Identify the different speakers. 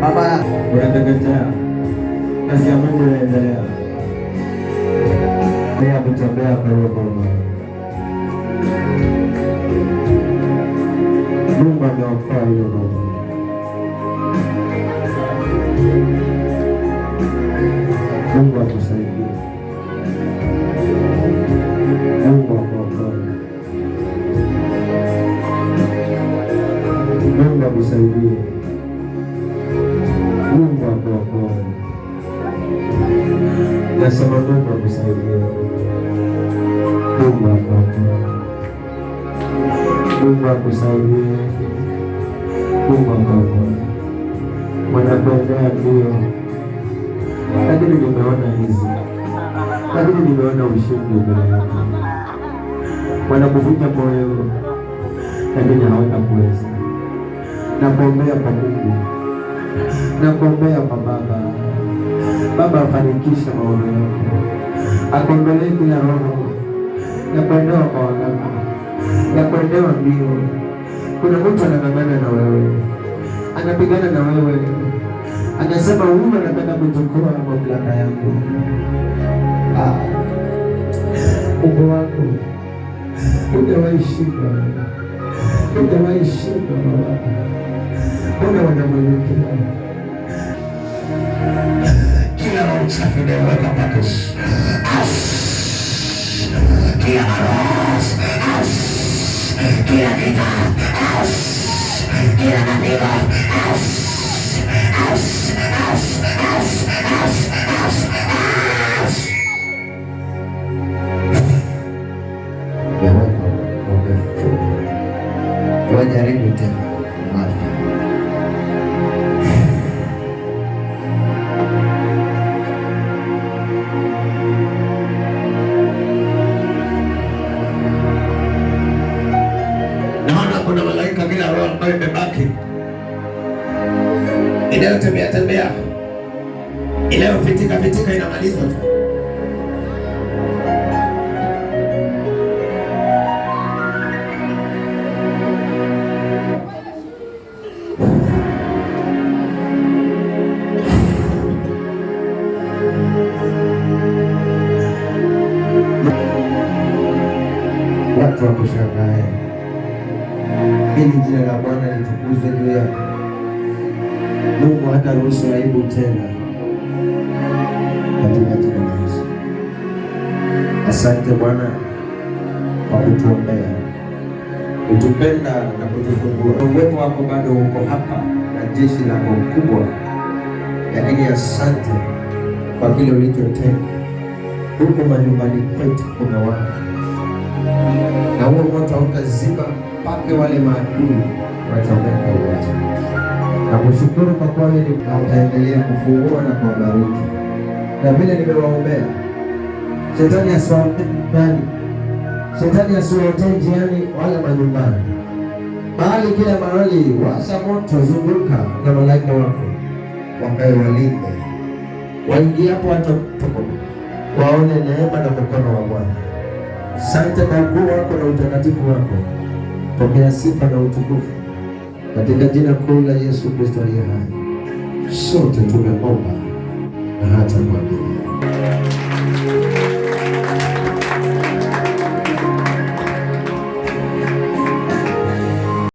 Speaker 1: Maganda
Speaker 2: ganda ya. Kasi ako maganda ya. Kaya kutsabe ako ko mo. Lumba daw pa yun. Mungu akusaidie, Mungu akuokoe. Nasema Mungu akusaidie, Mungu akuokoe, Mungu akusaidie, Mungu akuokoe. Wanakuendea mbio, lakini nimeona hizi, lakini nimeona ushindi mbele yako. moyo, lakini hawatakuweza na kuombea kwa Mungu na kuombea kwa Baba. Baba, afanikishe maono yako, akuombelee kila roho na kuendewa kwa waganga, na kuendewa mbio. Kuna mtu anang'ang'ana na wewe, anapigana na wewe, anasema huyu anataka kuchukua mamlaka yangu. Ah. Mungu wangu, ungewaheshimu Hujawahi shindwa Baba, mbona wanamwelekea kila uchafu umeweka paketi kila maroho kila kitu kila maneno tena mahali pamoja. Naona kuna malaika bila roho ambayo imebaki inayotembea tembea inayofitika fitika inamaliza tu. ushangae. Ili jina la Bwana litukuzwe juu yako. Mungu hata ruhusu aibu tena katika jina la Yesu. Asante Bwana kwa kutuombea, kutupenda na kutufungua. Uwepo wako bado uko hapa na jeshi lako kubwa, lakini asante kwa kile ulichotenda huko majumbani kwetu kumewaka na huo moto hautazima mpaka wale maadui watameka wote. Na kushukuru kwa kuwa wewe utaendelea kufungua na kuwabariki, na vile nimewaombea, shetani asiwaotee njiani, shetani asiwaotee njiani wala manyumbani, bali kila mahali washa moto, zunguka na malaika wako wakae walinde waingiapo, hata waone neema na mkono wa Bwana. Sante kwa ukuu wako na utakatifu wako. Pokea sifa na utukufu katika jina kuu la Yesu Kristo aliye hai. Sote tumeomba na hata kuamini.